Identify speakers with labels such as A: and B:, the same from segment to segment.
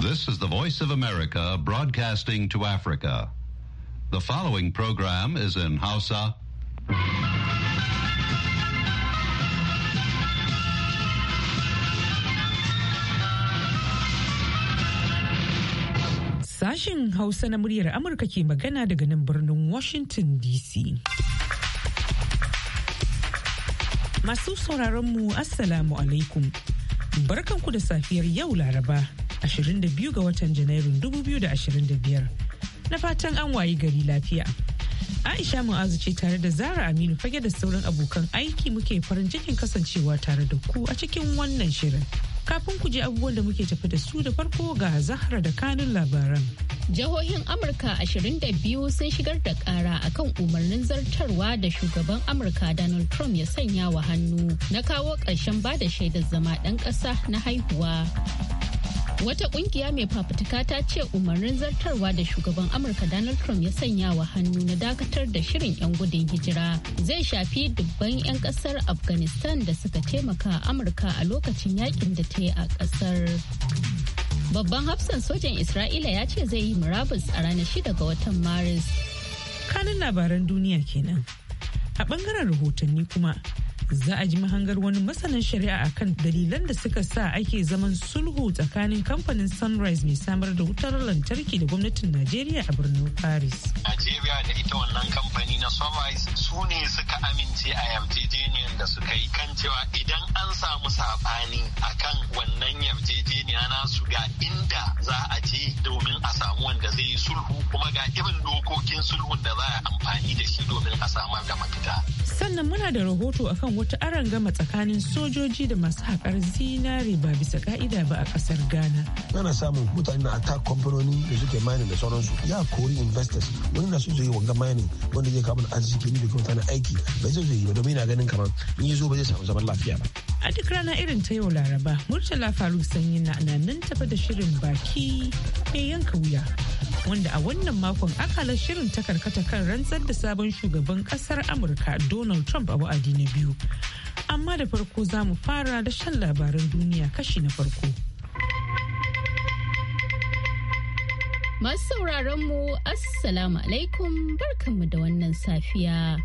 A: This is the Voice of America broadcasting to Africa. The following program is in Hausa.
B: Sashin Hausa na muryar Amurka ke magana daga nan birnin Washington DC. Masu sauraronmu Assalamu alaikum. Barkanku da safiyar yau Laraba. 22 ga watan Janairun 2025. Na fatan an wayi gari lafiya. Aisha Mu'azu ce tare da Zara Aminu fage da sauran abokan aiki muke farin cikin kasancewa tare da ku a cikin wannan shirin. Kafin ku je abubuwan da muke tafi da su da farko ga Zahra da kanun labaran.
C: Jihohin Amurka 22 sun shigar da kara akan umarnin zartarwa da shugaban Amurka Donald Trump ya sanya wa hannu na kawo ƙarshen bada shaidar zama ɗan ƙasa na haihuwa. wata kungiya mai fafutuka ta ce umarnin zartarwa da shugaban amurka donald trump ya sanya wa hannu na dakatar da shirin 'yan gudun hijira zai shafi dubban 'yan kasar afghanistan da suka taimaka amurka a lokacin yakin da ta yi a kasar babban hafsan sojan isra'ila ya ce zai yi murabus a ranar shida ga watan maris kanin labaran duniya
B: kenan a bangaren rahotanni kuma za a ji mahangar wani masanin shari'a akan dalilan da suka sa ake zaman sulhu tsakanin kamfanin sunrise mai samar da wutar lantarki da gwamnatin najeriya a birnin paris
D: najeriya da ita wannan kamfani na sunrise su ne suka amince a yarjejeniyar da suka yi kan cewa idan an samu a kan wannan yarjejeniya nasu ga inda
E: za a je
D: domin a samu wanda zai yi sulhu kuma ga irin dokokin sulhun da za a amfani da shi
F: domin a samar da mafita
B: sannan muna da rahoto akan wata gama tsakanin sojoji da masu haƙar zinare ba bisa ka'ida ba a ƙasar ghana
F: ana samun mutane na attack kamfanoni da suke mining da sauransu ya kori investors wani na so zai wanga mining wanda zai kawo arziki ne da kuma tana aiki bai zai yi ba domin yana ganin kamar in ya zo ba zai samu zaman lafiya ba
B: a duk rana irin ta yau laraba murtala faruk sanyi na nan tafa da shirin baki mai yanka wuya wanda a wannan makon akalar shirin ta karkata kan rantsar da sabon shugaban kasar amurka donald trump a wa'adi na biyu amma da farko za mu fara da shan labaran duniya kashi na farko
C: masu sauraron mu assalamu alaikum barkanmu da wannan safiya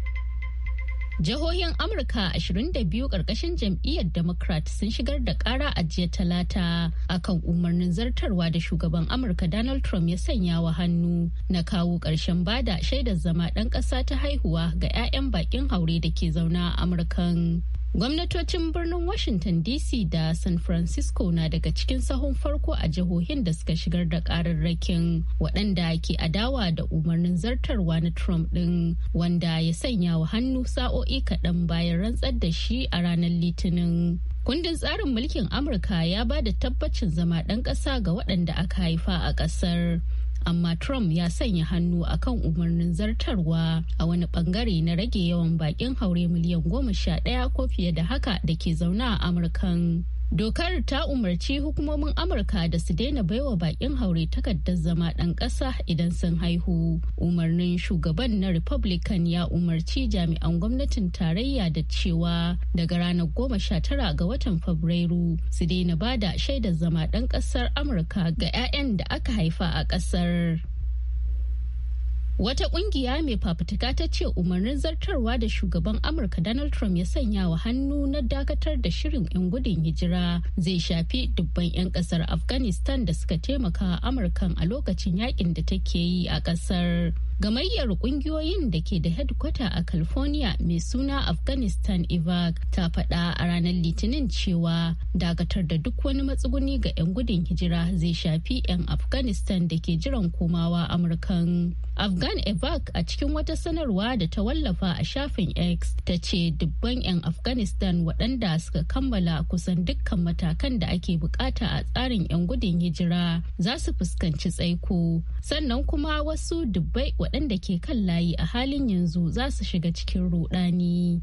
C: Jihohin Amurka 22 ƙarƙashin jam'iyyar Democrat sun shigar da ƙara a jiya talata akan umarnin zartarwa da shugaban Amurka Donald Trump ya sanya wa hannu na kawo ƙarshen bada shaidar zama ɗan ƙasa ta haihuwa ga 'ya'yan baƙin haure da ke zauna a Amurkan. Gwamnatocin birnin Washington DC da San Francisco na daga cikin sahun farko a jihohin da suka shigar da ƙararrakin. waɗanda ke adawa da umarnin zartarwa na Trump ɗin wanda ya sanya wa hannu sa'o'i kaɗan bayan rantsar da shi a ranar Litinin. Kundin tsarin mulkin Amurka ya ba da tabbacin zama ɗan ƙasa ga waɗanda aka haifa a ƙasar. amma Trump ya sanya hannu a kan umarnin zartarwa a wani bangare na rage yawan bakin haure miliyan goma sha ɗaya ko fiye da haka da ke zaune a Amurkan. Dokar ta umarci hukumomin Amurka da su daina baiwa bakin haure takardar zama ɗan ƙasa idan sun haihu. Umarnin shugaban na Republican ya umarci jami'an gwamnatin tarayya da cewa daga ranar goma sha tara ga watan Fabrairu su daina bada shaidar zama ɗan ƙasar Amurka ga 'ya'yan da aka haifa a ƙasar. Wata ƙungiya mai fafutuka ta ce umarnin zartarwa da shugaban Amurka Donald Trump ya sanya wa hannu na dakatar da shirin 'yan gudun hijira zai shafi dubban 'yan kasar Afghanistan da suka taimaka Amurkan a lokacin yakin da take yi a kasar. Gamayyar kungiyoyin da ke da hedkwata a California mai suna Afghanistan Iraq ta faɗa a ranar Litinin cewa dakatar da duk wani matsuguni ga 'yan gudun hijira zai shafi 'yan Afghanistan da ke jiran komawa Amurkan. Afghan Iraq a cikin wata sanarwa da ta wallafa a shafin X ta ce dubban 'yan Afghanistan waɗanda suka kammala kusan dukkan matakan da ake bukata a tsarin 'yan gudun hijira za su fuskanci tsaiko sannan kuma wasu dubbai waɗanda ke kan layi a halin yanzu za su shiga cikin rudani.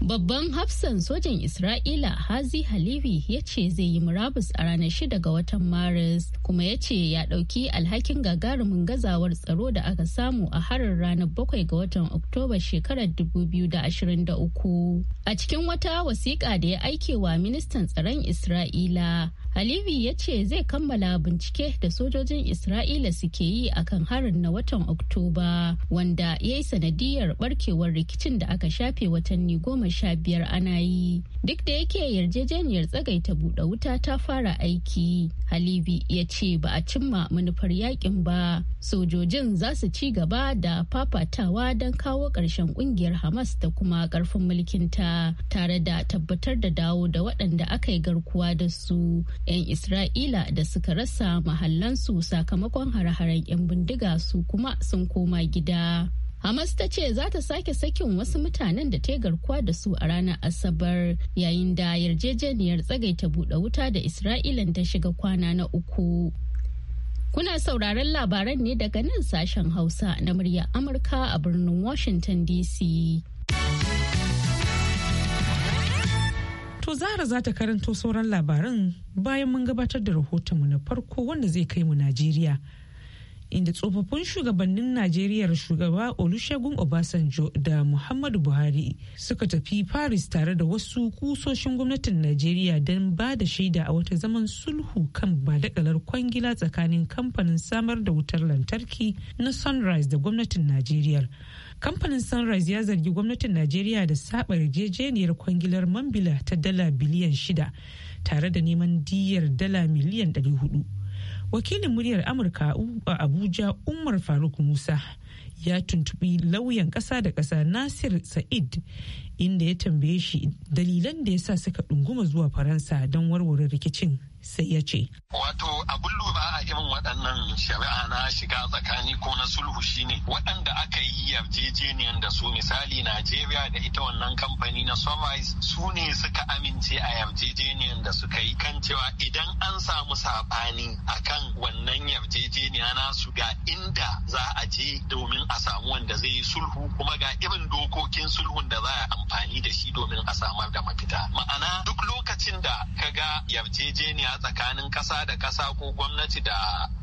C: Babban hafsan sojan Isra'ila Hazi Halibi ya ce zai yi murabus a ranar shida ga watan Maris kuma ya ce ya ɗauki alhakin gagarumin gazawar tsaro da aka samu a harin ranar bakwai ga watan Oktoba shekarar 2023. A cikin wata wasiƙa da ya aike wa ministan tsaron Isra'ila, Halibi ya ce zai kammala bincike da sojojin Isra'ila suke yi a kan harin na watan Oktoba wanda ya yi sanadiyar barkewar rikicin da aka shafe watanni goma sha biyar ana yi. Duk da yake yarjejeniyar tsagaita buɗe wuta ta fara aiki. Halibi ya ce ba a cimma manufar yakin ba. Sojojin za su ci gaba da fafatawa don kawo ƙarshen ƙungiyar Hamas da kuma ƙarfin mulkinta tare da tabbatar da dawo da waɗanda aka yi garkuwa da su. 'yan isra'ila da suka rasa mahallansu sakamakon hare-haren 'yan bindiga su kuma sun koma gida hamas ta ce za ta sake sakin wasu mutanen da ta garkuwa da su a ranar asabar yayin da yarjejeniyar tsagai ta buɗe wuta da isra'ilan ta shiga kwana na uku kuna sauraron labaran ne daga nan sashen hausa na murya amurka a birnin washington dc
B: To Zahra za ta karanto sauran labaran bayan mun gabatar da rahotonmu na farko wanda zai kai mu Najeriya. Inda tsofaffin shugabannin Najeriya shugaba Olusegun Obasanjo da Muhammadu Buhari suka tafi Paris tare da wasu kusoshin gwamnatin Najeriya don ba da shaida a wata zaman sulhu kan badakalar kwangila tsakanin kamfanin samar da wutar lantarki na Sunrise da gwamnatin Najeriya. kamfanin sunrise ya zargi gwamnatin najeriya da saba yarjejeniyar kwangilar mambila ta dala biliyan shida tare da neman diyar dala miliyan ɗari hudu. wakilin muryar amurka a abuja umar faruk musa ya tuntubi lauyan ƙasa da ƙasa nasir sa'id inda ya tambaye shi dalilan da ya sa suka ɗunguma zuwa faransa don warware rikicin sai ya ce.
F: Wato
D: abin lura a irin waɗannan shari'a na shiga tsakani ko na sulhu shine waɗanda aka yi yarjejeniyar da su misali Najeriya da ita wannan kamfani na Sunrise su ne suka amince a yarjejeniyar da suka yi kan cewa idan an samu saɓani kan wannan yarjejeniya su ga inda za a je domin a samu wanda zai yi sulhu kuma ga irin dokokin sulhun da za a amfani da shi domin a samar da mafita. Ma'ana duk lokacin da ka ga yarjejeniya a tsakanin ƙasa da kasa ko gwamnati da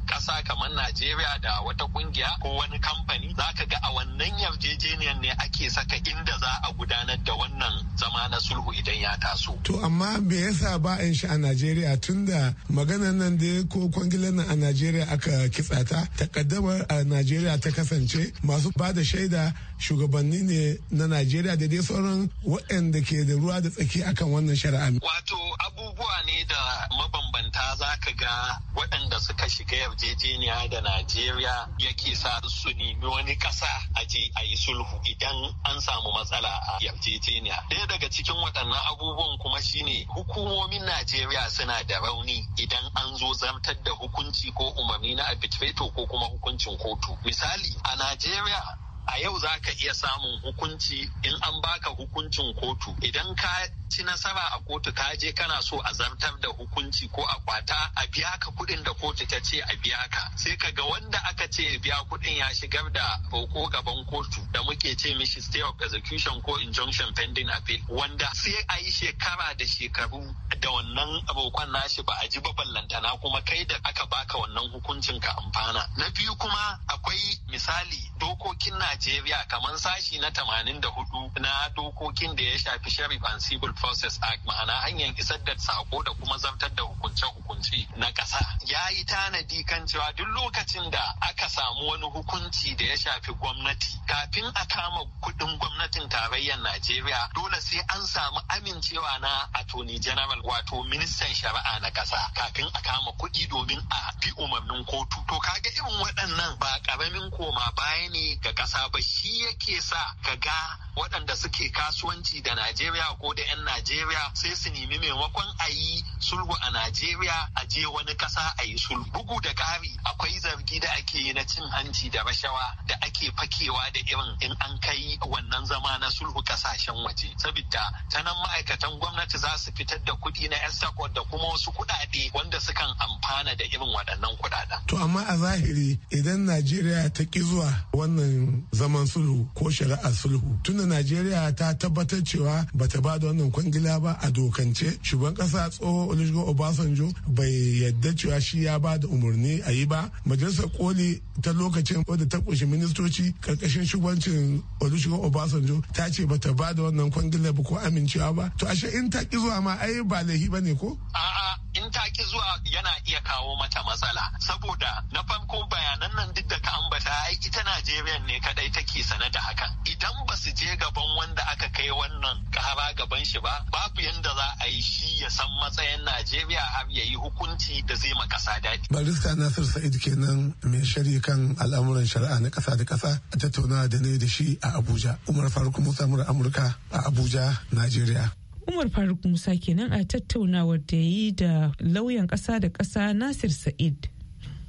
D: ƙasa kamar Najeriya da wata kungiya ko wani kamfani za ka ga a wannan yarjejeniyar ne ake saka inda za a
G: gudanar da wannan zama na sulhu idan ya taso. To amma me yasa ba in shi a Najeriya da maganar nan da ko kwangilar nan a Najeriya aka kitsata takaddamar a Najeriya ta kasance masu ba da shaida shugabanni ne na Najeriya da dai sauran waɗanda ke da ruwa da tsaki akan wannan shari'a. Wato abubuwa ne da mabambanta
D: za ka ga waɗanda suka shiga yarjejeniya da Najeriya yake sa su nemi wani ƙasa a je a yi sulhu idan an samu matsala a yarjejeniya. Ɗaya daga cikin waɗannan abubuwan kuma shine hukumomin Najeriya suna da rauni idan an zo zartar da hukunci ko umarni na arbitrator ko kuma hukuncin kotu. Misali a Najeriya a yau za ka iya samun hukunci in an baka hukuncin kotu idan ka ci nasara a kotu ka je kana so a zartar da hukunci ko a kwata a biya ka kuɗin da kotu ta ce a biya ka sai ka ga wanda aka ce ya biya kuɗin ya shigar da roko gaban kotu da muke ce mishi stay of execution ko injunction pending appeal wanda sai a yi shekara da shekaru da wannan abokan nashi ba a ji ba ballantana kuma kai da aka baka wannan hukuncin ka amfana na biyu kuma akwai misali dokokin Najeriya kamar sashi na 84 na dokokin da ya shafi sharif and civil Process Act ma'ana hanyar isar da sako da kuma zartar da hukunce-hukunce na ƙasa ya yi tanadi kan cewa duk lokacin da aka samu wani hukunci da ya shafi gwamnati kafin a kama kuɗin gwamnatin tarayyar Najeriya dole sai an samu amincewa na Attorney General wato ministan shari'a na ƙasa kafin a kama kuɗi domin a bi umarnin kotu to kaga irin waɗannan ba ƙaramin koma baya ne ga ƙasa ba shi yake sa ka ga waɗanda suke kasuwanci da Najeriya ko da 'yan Najeriya sai su nemi maimakon a yi sulhu a Najeriya a je wani ƙasa a yi sulhu. Bugu da ƙari akwai zargi da ake yi na cin hanci da rashawa da ake fakewa da irin in an kai wannan zama na sulhu ƙasashen waje. Sabida ta nan ma'aikatan gwamnati za su fitar da kuɗi na Estacot da kuma wasu kuɗaɗe wanda sukan amfana da
G: irin waɗannan kuɗaɗen. To amma a zahiri idan Najeriya ta ƙi zuwa wannan zaman sulhu ko shari'ar sulhu tunan najeriya ta tabbatar cewa bata ba da wannan kwangila ba a dokance shugaban kasa tsoho olusegun obasanjo bai yadda cewa shi ya ba da umarni a yi ba majalisar koli ta lokacin wadda ta kunshi ministoci karkashin shugabancin olusegun obasanjo ta ce bata ba da wannan kwangila ba ko amincewa ba to ashe in ta ki zuwa ma ai ba laifi ba ne ko a'a in ta ki zuwa yana iya kawo mata matsala saboda
D: na farko bayanan nan duk da ka ambata ai ita najeriya ne kadai take sane da hakan idan ba su je gaban wanda aka kai wannan kara gaban shi ba babu yadda za a yi shi ya san matsayin najeriya har ya yi hukunci da zai ma kasa daɗi.
G: barista nasir sa'id kenan mai shari kan al'amuran shari'a na kasa da kasa a tattauna da ne da shi a abuja umar faruk musa mura amurka a abuja najeriya.
B: Umar Faruk Musa kenan a tattaunawar da yi da lauyan kasa da kasa Nasir Sa'id.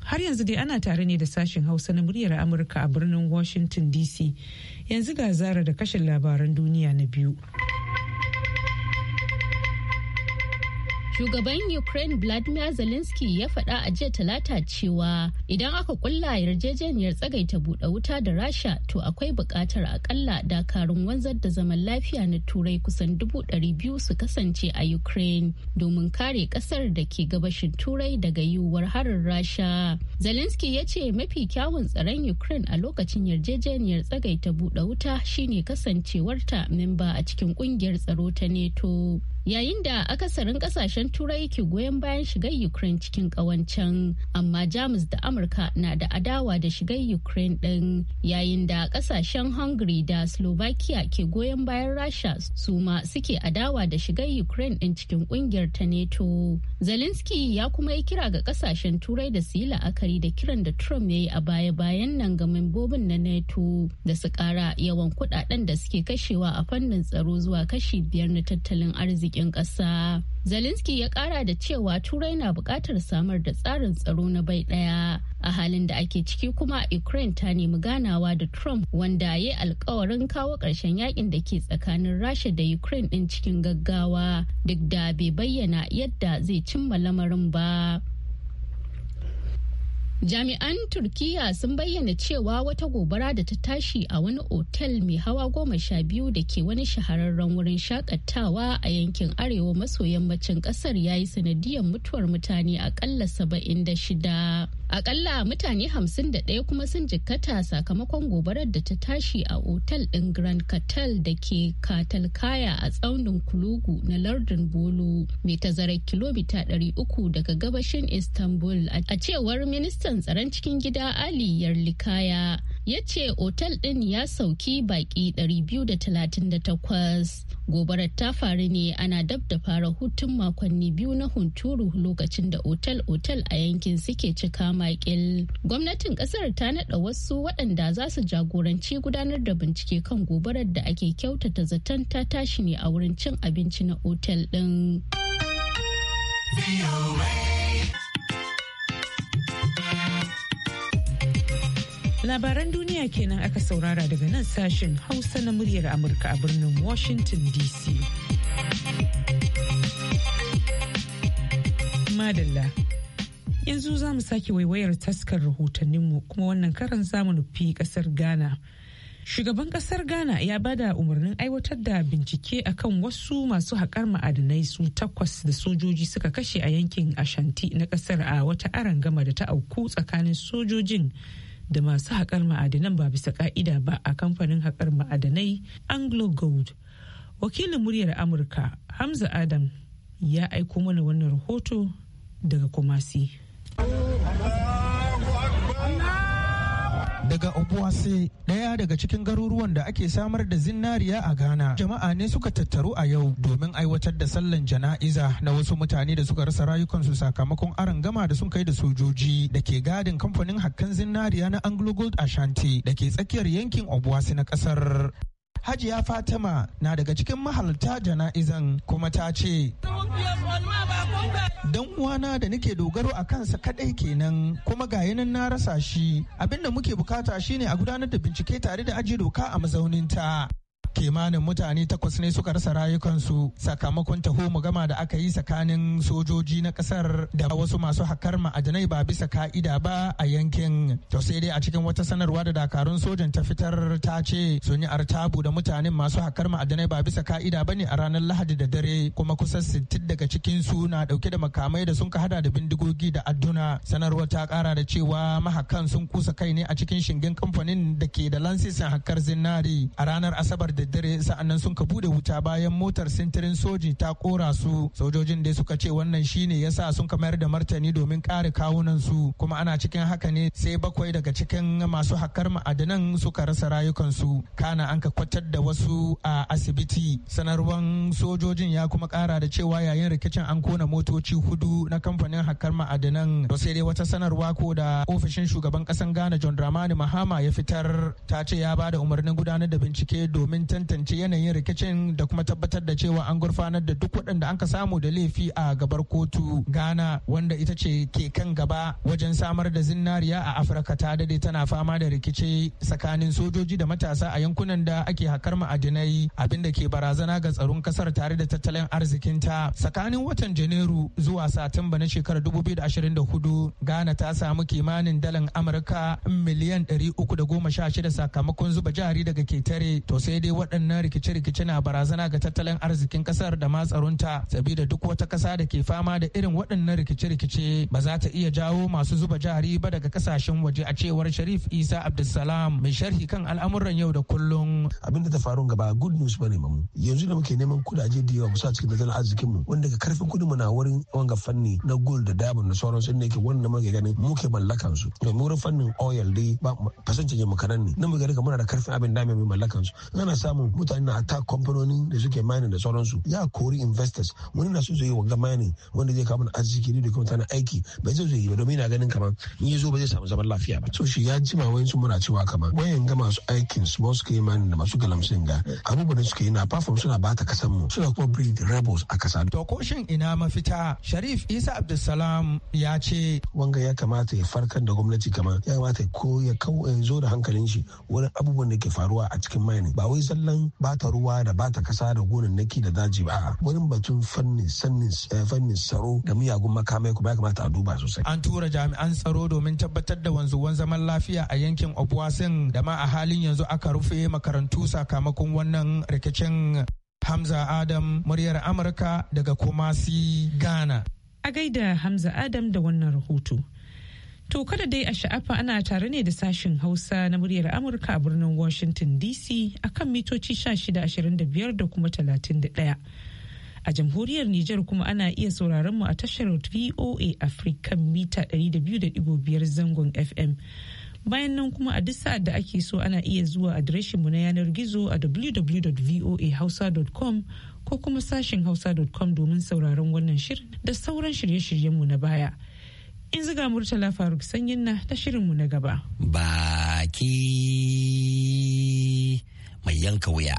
B: Har yanzu dai ana tare ne da sashen Hausa na muryar Amurka a birnin Washington DC. yanzu ga zara da kashin labaran duniya na biyu
C: Shugaban Ukraine Vladimir Zelensky ya faɗa a jiya talata cewa idan aka kulla yarjejeniyar tsagaita buɗe wuta da Rasha to akwai buƙatar akalla dakarun wanzar da zaman lafiya na turai kusan dubu ɗari biyu su kasance a Ukraine domin kare ƙasar da ke gabashin turai daga yiwuwar harin Rasha. Zelensky ya ce mafi kyawun tsaron Ukraine a lokacin yarjejeniyar tsagaita buɗe wuta shine kasancewarta memba a cikin ƙungiyar tsaro ta NATO. yayin da akasarin kasashen turai ke goyon bayan shigar ukraine cikin kawancan amma jamus da amurka na da adawa da shigar ukraine din yayin da kasashen hungary da slovakia ke goyon bayan rasha su ma suke adawa da shigar ukraine din cikin kungiyar ta neto zelensky ya kuma yi kira ga kasashen turai da su yi la'akari da kiran da trump ya yi a baya-bayan nan ga membobin na neto da su kara yawan kudaden da suke kashewa a fannin tsaro zuwa kashi biyar na tattalin arziki yakin ƙasa. Zelensky ya ƙara da cewa Turai na buƙatar samar da tsarin tsaro na bai ɗaya. A halin da ake ciki kuma Ukraine ta nemi ganawa da Trump wanda ya alkawarin kawo ƙarshen yakin da ke tsakanin Rasha da Ukraine ɗin cikin gaggawa duk da bai bayyana yadda zai cimma lamarin ba. Jami'an Turkiyya sun bayyana cewa wata gobara da ta tashi a wani otel mai hawa goma sha biyu da ke wani shahararren wurin shakatawa a yankin arewa maso yammacin kasar ya yi sanadiyar mutuwar mutane akalla saba'in da shida. Akalla mutane hamsin da ɗaya kuma sun jikkata sakamakon gobarar da ta tashi a otel ɗin Grand Catal da ke Katalkaya a tsaunin Kulugu na lardin Bolu mai tazarar kilomita 300 daga gabashin Istanbul a cewar minista ministan tsaron cikin gida ali yarlikaya ya ce otal ɗin ya sauki baƙi 238 gobarar ta faru ne ana dab da fara hutun makonni biyu na hunturu lokacin da otal-otal a yankin suke cika makil gwamnatin kasar ta naɗa wasu waɗanda za su jagoranci gudanar da bincike kan gobarar da ake kyautata zaton ta tashi ne a wurin cin abinci na otal ɗin.
B: Labaran duniya kenan aka saurara daga nan sashen Hausa na muryar Amurka a birnin Washington DC. Madalla. Yanzu za mu sake waiwayar taskar rahotanninmu kuma wannan karan zamu nufi kasar Ghana. Shugaban kasar Ghana ya bada umarnin aiwatar da bincike akan wasu masu haƙar ma'adanai su takwas da sojoji suka kashe a yankin Ashanti na kasar a wata aran gama da ta auku tsakanin sojojin da masu haƙar ma'adanan ba bisa ƙa'ida ba a kamfanin haƙar ma'adanai anglo gold wakilin muryar amurka hamza adam ya aiko mana wannan rahoto daga kumasi daga obuasi ɗaya daga
H: cikin garuruwan da ake samar da zinariya a Ghana. Jama'a ne suka tattaru a yau domin aiwatar da sallan jana'iza na wasu mutane da suka rasa rayukansu sakamakon gama da sun kai da sojoji da ke gadin kamfanin hakkan zinariya na Anglo Gold Ashanti da ke tsakiyar yankin Obuasi na ƙasar. hajiya fatima na daga cikin mahalarta jana'izan kuma ta ce dan uwana da nake dogaro a kansa kadai kenan kuma ga yanin na rasa shi abinda muke bukata shine a gudanar da bincike tare da aji doka a mazauninta kimanin mutane takwas ne suka rasa rayukansu sakamakon taho gama da aka yi tsakanin sojoji na kasar da wasu masu hakar ma'adanai ba bisa ka'ida ba a yankin to sai dai a cikin wata sanarwa da dakarun sojan ta fitar ta ce sun yi artabu da mutanen masu hakar ma'adanai ba bisa ka'ida ba ne a ranar lahadi da dare kuma kusan sittin daga cikin su na dauke da makamai da sun ka hada da bindigogi da adduna sanarwar ta kara da cewa mahakan sun kusa kai ne a cikin shingen kamfanin da ke da lansisin hakar zinari a ranar asabar da daddare sa'annan sun ka bude wuta bayan motar sintirin soji ta kora su sojojin dai suka ce wannan shine yasa sun ka mayar da martani domin kare kawunan su kuma ana cikin haka ne sai bakwai daga cikin masu hakar ma'adanan suka rasa rayukansu kana an ka kwatar da wasu a asibiti sanarwan sojojin ya kuma kara da cewa yayin rikicin an kona motoci hudu na kamfanin hakar ma'adanan sai dai wata sanarwa ko da ofishin shugaban kasan ghana john dramani mahama ya fitar ta ce ya ba da umarnin gudanar da bincike domin tantance yanayin rikicin da kuma tabbatar da cewa an gurfanar da duk waɗanda an ka samu da laifi a gabar kotu ghana wanda ita ce ke kan gaba wajen samar da zinariya a afirka ta dade tana fama da rikici tsakanin sojoji da matasa a yankunan da ake hakar ma'adinai abinda ke barazana ga tsaron kasar tare da tattalin arzikinta tsakanin watan janairu zuwa satumba na shekarar 2024 ghana ta samu kimanin dalan amurka miliyan 316 sakamakon zuba jari daga ketare to sai dai waɗannan rikice-rikice na barazana ga tattalin arzikin ƙasar da ma tsaronta sabida duk wata ƙasa da ke fama da irin waɗannan rikice-rikice ba za ta iya jawo masu zuba jari ba daga ƙasashen waje a cewar Sharif Isa Abdulsalam mai sharhi kan al'amuran yau
F: da kullum. Abin da ta faru gaba good news ba ne mamu. Yanzu da muke neman kudaje da yawa kusa cikin tattalin arzikin mu wanda daga karfin kudin mu na wurin wanga fanni na gold da diamond da sauransu ke wani wannan muke ganin muke mallakan su. Domin wurin fannin oil dai ba fasance mu kanan ne. Nan muke ga muna da karfin abin da mai mallakan su. sa samun mutane na attack kamfanonin da suke mining da sauransu ya kori investors wani na so zai yi wanga mining wanda zai kawo mana arziki ne da kuma tana aiki bai zai zai yi ba domin yana ganin kamar in ya zo ba zai samu zaman lafiya ba so shi ya jima wayansu muna cewa kamar wayan ga masu aikin small scale mining da masu galamsin ga abubuwan suke yi na perform suna b'a ta kasan mu suna kuma breed rebels a kasa to ko shin ina mafita sharif isa abdulsalam ya ce wanga ya kamata ya farkar da gwamnati kamar ya kamata ko ya zo da hankalin shi wani abubuwan da ke faruwa a cikin mining ba wai kallon bata ruwa da bata kasa da gonannaki da daji ba wurin batun fannin eh, fannin tsaro da miyagun makamai kuma ya kamata a duba sosai
H: an tura jami'an tsaro domin tabbatar da wanzuwan zaman lafiya a yankin obuasin da ma a halin yanzu aka rufe makarantu sakamakon wannan rikicin hamza adam muryar amurka daga kumasi ghana
B: a gaida hamza adam da wannan rahoto To kada dai a sha'afa ana tare ne da sashin Hausa na muryar Amurka a birnin Washington DC a kan mitoci 1625 da kuma 31. A jamhuriyar Nijar kuma ana iya sauraron mu a tashar VOA Africa mita 200.5 zangon FM. Bayan nan kuma a duk sa'ad da ake so ana iya zuwa adireshin mu na yanar gizo a www.voahausa.com ko kuma sashen hausa.com domin sauraron wannan shirin da sauran shirye-shiryenmu na baya. in ziga murtala faruk sanyin na ta shirinmu na gaba.
E: Baki mai yanka wuya.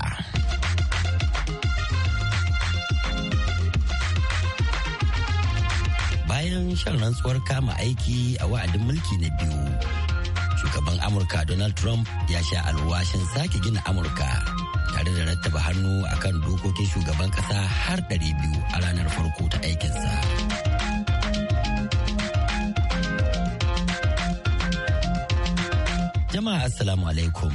E: Bayan shan rantsuwar kama aiki a wa'adin mulki na biyu, shugaban Amurka Donald Trump ya sha alwashin sake gina Amurka tare da rattaba hannu akan dokokin shugaban kasa har 200 a ranar farko ta aikinsa. Jama'a Assalamu alaikum.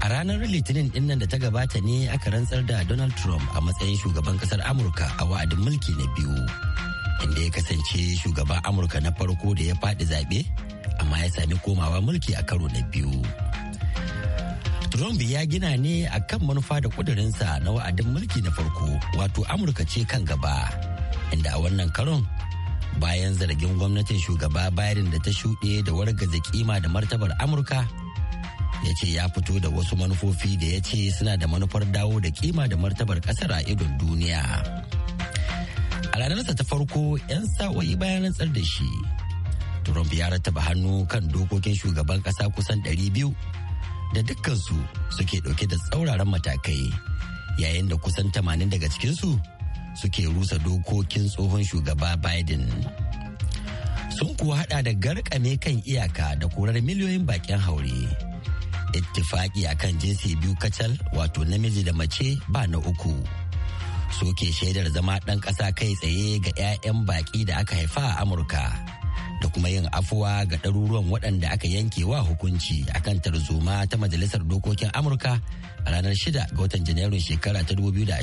E: A ranar Litinin dinnan da ta gabata ne aka rantsar da Donald Trump a matsayin shugaban kasar Amurka a wa'adin mulki na biyu. Inda ya kasance shugaban Amurka na farko da ya faɗi zaɓe, amma ya sami komawa mulki a karo na biyu. Trump ya gina ne a kan manufa da kudurinsa na wa'adin mulki na farko, wato Amurka ce kan gaba. Inda a wannan karon bayan zargin gwamnatin shugaba Biden da ta shuɗe da wargaza kima da martabar Amurka ya ce ya fito da wasu manufofi da ya ce suna da manufar dawo da kima da martabar ƙasar a idon duniya. A ranarsa ta farko 'yan sa'o'i bayan rantsar da shi, Trump ya rattaba hannu kan dokokin shugaban ƙasa kusan 200 da dukkansu suke ɗauke da tsauraran matakai yayin da kusan 80 daga cikinsu suke rusa dokokin tsohon shugaba Biden. Sun kuwa hada da garkame kan iyaka da korar miliyoyin bakin haure. Ittifaki a kan jinsi biyu kacal wato namiji da mace ba na uku. Soke shaidar zama ɗan ƙasa kai tsaye ga 'ya'yan baƙi da aka haifa a Amurka. da kuma yin afuwa ga ɗaruruwan waɗanda aka yanke wa hukunci kan tarzoma ta majalisar dokokin amurka a ranar 6 ga watan janairun shekara ta 2020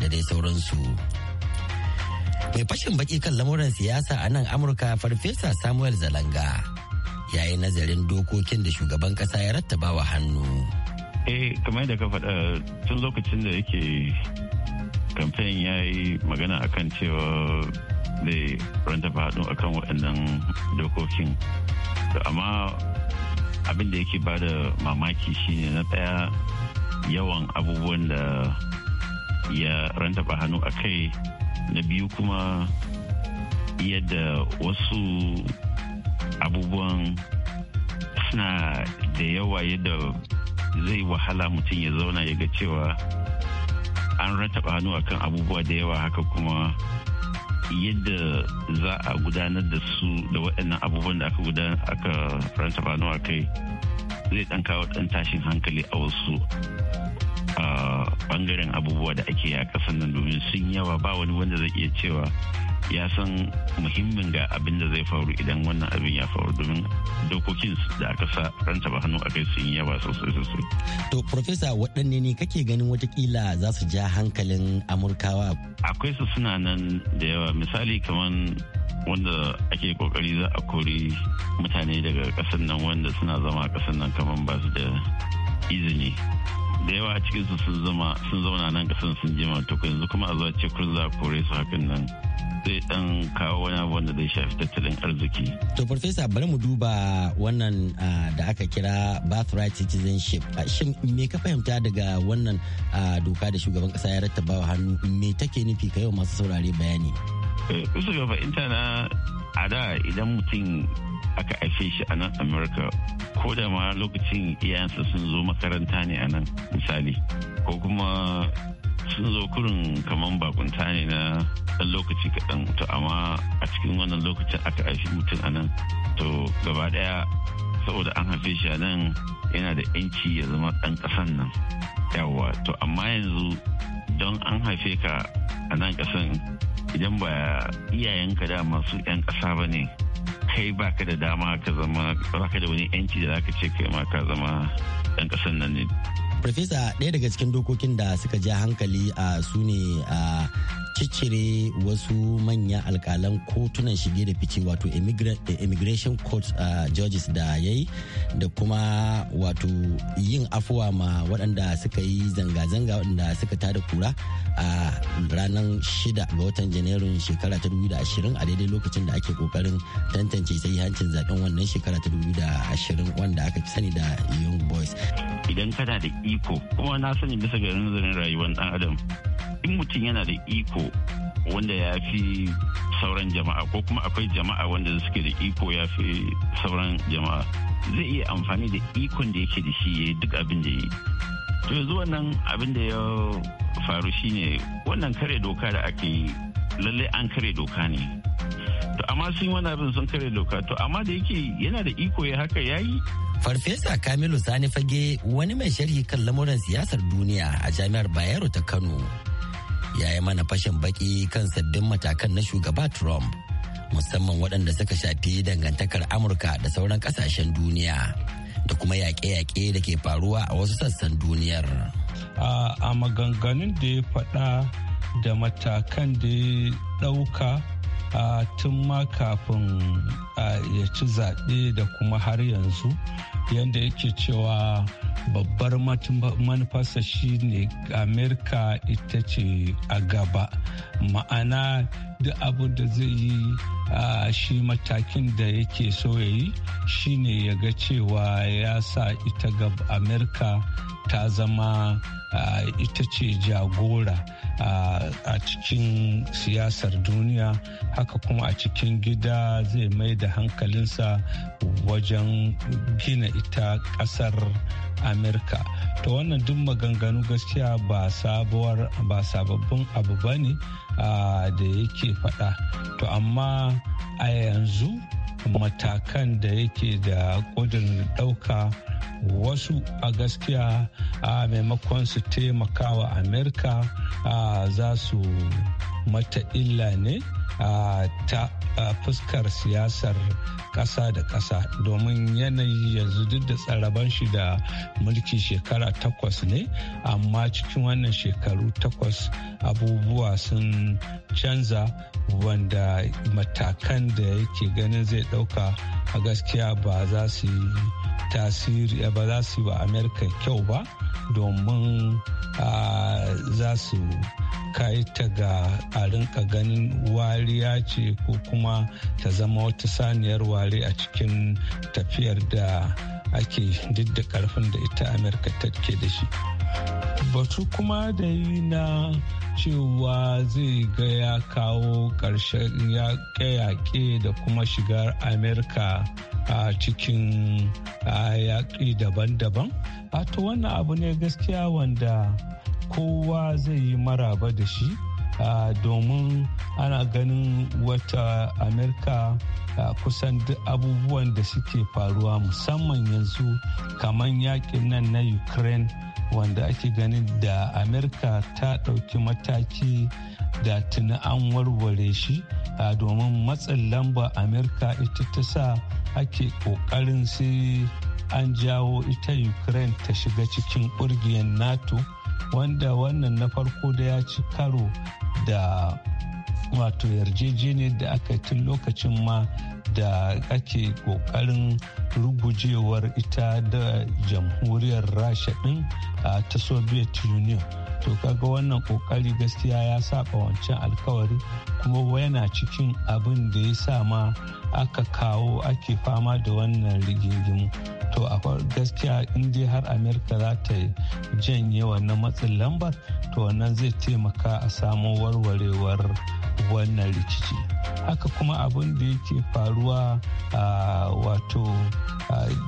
E: da dai sauransu. Mai fashin baki kan lamuran siyasa a nan Amurka Farfesa Samuel Zalanga ya yi nazarin dokokin da shugaban kasa ya rattaba wa hannu.
A: Eh, kamar da ka faɗa tun lokacin da yake kamfen ya yi magana akan cewa zai ranta a akan waɗannan dokokin. Amma abin da yake ba da mamaki shine na ɗaya yawan abubuwan da ya rantaba hannu a kai na biyu kuma yadda wasu abubuwan suna da yawa yadda zai wahala mutum ya zauna ya ga cewa an rataba hannu akan abubuwa da yawa haka kuma yadda za a gudanar da su da waɗannan abubuwan da aka gudanar aka ranta a kai zai ɗan kawo ɗan tashin hankali a wasu bangaren abubuwa da ake yi a ƙasar nan domin sun yawa ba wani wanda zai iya cewa ya san muhimmin ga abin da zai faru idan wannan abin ya faru domin dokokin da aka sa ranta ba hannu akai sun yawa sosai sosai.
E: To Profesa waɗanne ne kake ganin watakila za su ja hankalin Amurkawa?
A: Akwai su suna nan da yawa misali kamar wanda ake kokari za a kori mutane daga ƙasar nan wanda suna zama ƙasar nan kamar ba su da izini da yawa cikinsu cikin su sun zama sun zauna nan kasan sun jima to yanzu kuma a zuwa ce kun za kore su hakan nan zai dan kawo wani abu wanda zai shafi tattalin arziki.
E: To Farfesa bari mu duba wannan da aka kira birthright citizenship. Shin me ka fahimta daga wannan doka da shugaban kasa ya rattaba hannu me take nufi ka wa masu saurare bayani?
A: Eh, bisa ga fahimta na a da idan mutum aka haife shi a nan amurka ko da ma lokacin iyayensa sun zo makaranta ne a nan misali ko kuma sun zo kurin kamar bakunta ne na ɗan lokaci kaɗan to amma a cikin wannan lokacin aka haifi mutum a nan to gaba ɗaya saboda an haife shi a nan yana da yanci ya zama ɗan ƙasan nan yawa to amma yanzu don an haife ka a nan ƙasan idan ba iyayenka da masu 'yan ƙasa ba ne kai baka da dama ka zama baka da wani yanci da zaka ce kai ma ka zama yan ƙasan nan ne
E: Farfesa ɗaya daga cikin dokokin da suka ja hankali a su ne a ciccire wasu manyan alkalan kotunan shige da fice wato immigration court judges da ya yi da kuma wato yin afuwa ma waɗanda suka yi zanga-zanga waɗanda suka tada kura a ranar 6 ga watan janairun shekara ta 2020 a daidai lokacin da ake kokarin tantance sai hancin zaben wannan shekara ta 2020 wanda aka fi sani da young boys
A: idan kana da iko kuma na sani bisa ga nazarin rayuwar dan adam in mutum yana da iko wanda ya fi sauran jama'a ko kuma akwai jama'a wanda suke da iko ya fi sauran jama'a zai iya amfani da ikon da yake da shi ya yi duk abin da ya yi to yanzu wannan abin da ya faru shine wannan kare doka da ake yi lallai an kare doka ne to amma sun wani abin sun kare doka to amma da yake yana da iko ya haka ya yi
E: Farfesa Kamilu Sani Fage wani mai sharhi kan lamuran siyasar duniya a Jami'ar Bayero ta Kano. Ya yi mana fashin baki kan sabbin matakan na shugaba Trump, musamman waɗanda suka shafi dangantakar Amurka da sauran ƙasashen duniya, da kuma yaƙe-yaƙe da ke faruwa a wasu sassan duniyar.
I: A maganganun da ya faɗa da matakan da ya ɗauka tun ma kafin ya ci zaɓe da kuma har yanzu yadda yake cewa babbar manufarsa shine amerika ita ce a gaba ma'ana duk abu da zai yi shi matakin da yake so ya yi shine ya ga cewa ya sa ita ga amerika ta zama ita ce jagora a cikin siyasar duniya haka kuma a cikin gida zai mai da hankalinsa wajen gina ita kasar amerika to wannan duk maganganu gaskiya ba sabuwar ba sababbin abu ba ne da yake faɗa to amma a yanzu matakan da yake da ƙudurin ɗauka wasu a gaskiya a maimakon su taimakawa amerika za su mata illa ne ta fuskar siyasar ƙasa da ƙasa domin yanayi yanzu duk da tsaraban shi da mulki shekara takwas ne amma cikin wannan shekaru takwas abubuwa sun canza wanda matakan da yake ganin zai ɗauka a gaskiya ba za su yi tasiri eh, ba za su yi wa amerika kyau ba domin ah, za su kai ta ga a rinka ganin wariya ce ko kuma ta zama wata saniyar ware a cikin tafiyar da ake duk da karfin da ita amerika take da shi. batu kuma da yi na cewa zai ga ya kawo ƙarshen yaƙe-yaƙe da kuma shigar amerika a cikin yaƙi daban-daban to wannan abu ne gaskiya wanda kowa zai yi maraba da shi domin ana ganin wata amerika kusan duk abubuwan da suke faruwa musamman yanzu kamar yakin nan na ukraine wanda ake ganin da amerika ta ɗauki mataki da tuni an warware shi domin matsin lamba amerika ita ta sa ake ƙoƙarin sai an jawo ita ukraine ta shiga cikin ƙungiyar nato wanda wannan na farko da ya ci karo da wato yarjejeniyar da aka tun lokacin ma da ake kokarin rugujewar ita da jamhuriyar rasha din ta soviet union to kaga wannan kokari gaskiya ya saba wancan alkawari kuma yana cikin abin da ya sa ma aka kawo ake fama da wannan rigingimu to a gaskiya in dai har amerika za ta janye wannan matsin lambar to wannan zai taimaka a samu warwarewar wannan rikici haka kuma abin da yake faruwa a wato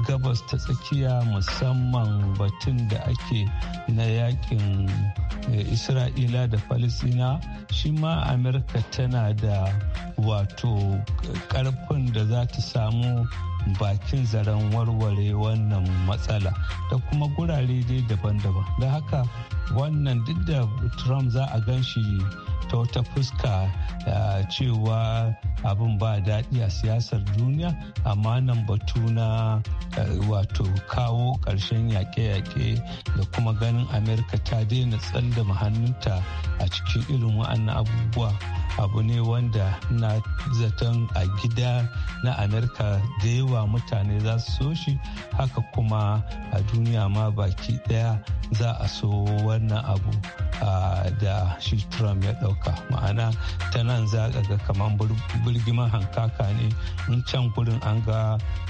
I: gabas ta tsakiya musamman batun da ake na yakin e, isra'ila da falisina shi ma amurka tana da wato karfin da za ta samu bakin zaren warware wannan matsala da kuma gurare dai daban-daban da haka wannan duk da trump za a gan shi ta wata fuska cewa abin ba daɗi a siyasar duniya amma nan batu na eh, wato kawo ƙarshen yaƙe-yaƙe da kuma ganin amerika ta daina tsallama hannunta a cikin irin wa'annan abubuwa abu ne wanda na zaton a gida na amerika da yawa mutane za su so shi haka kuma a duniya ma baki ɗaya za a so wannan abu da shi trump ya dauka ma'ana ta nan za a ga kamar birgiman hankaka ne in can gurin an ga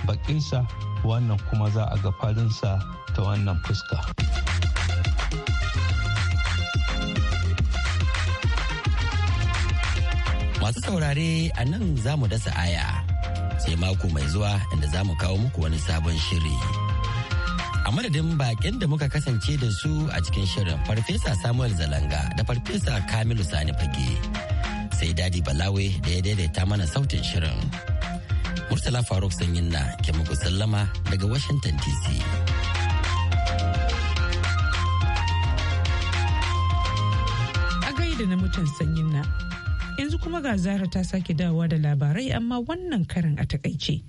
I: bakinsa wannan kuma za a ga farinsa ta wannan fuska
E: masu saurare a nan za mu dasa aya sai mako mai zuwa inda za mu kawo muku wani sabon shiri. a madadin bakin da muka kasance da su a cikin shirin farfesa samuel zalanga da farfesa kamilu sani fage sai dadi balawe da ya daidaita mana sautin shirin murtala faruk sanyin na ke muku sallama daga washington dc
B: a na mutan sanyin na yanzu kuma ga zara ta sake dawowa da labarai amma wannan karin a takaice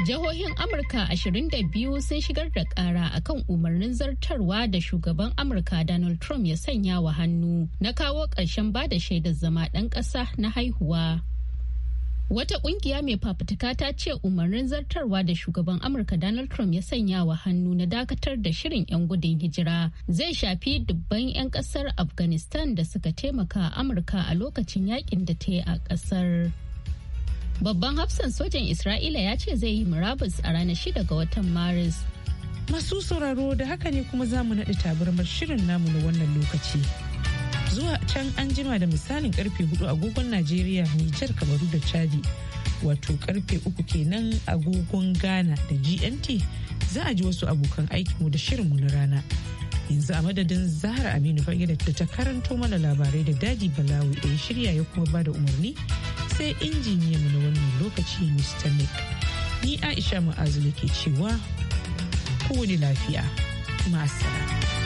C: Jihohin Amurka 22 sun shigar da kara akan umarnin zartarwa da shugaban Amurka Donald Trump ya sanya wa hannu na kawo ƙarshen ba da shaidar zama ɗan ƙasa na haihuwa. Wata ƙungiya mai fafutuka ta ce umarnin zartarwa da shugaban Amurka Donald Trump ya sanya wa hannu na dakatar da shirin 'yan gudun hijira zai shafi dubban 'yan kasar Afghanistan da suka taimaka Amurka a lokacin yakin da ta yi a kasar. Babban hafsan sojan Isra'ila ya ce zai yi murabus a ranar shida ga watan Maris. Masu sauraro da haka ne kuma za mu naɗi tabarmar shirin
B: namu na wannan lokaci. Zuwa can an jima da misalin karfe 4 agogon Najeriya, Nijar, Kamaru da Chadi. Wato karfe 3 kenan agogon Ghana da g.n.t za a ji wasu abokan aikinmu da shirinmu na rana. Yanzu a madadin Zahra Aminu fage da ta karanto mana labarai da daji Balawi da ya shirya ya kuma bada umarni. sai injiniyanmu na wannan lokaci Mr. Nick. Ni Aisha ma'azu ke cewa kowane lafiya. Masana.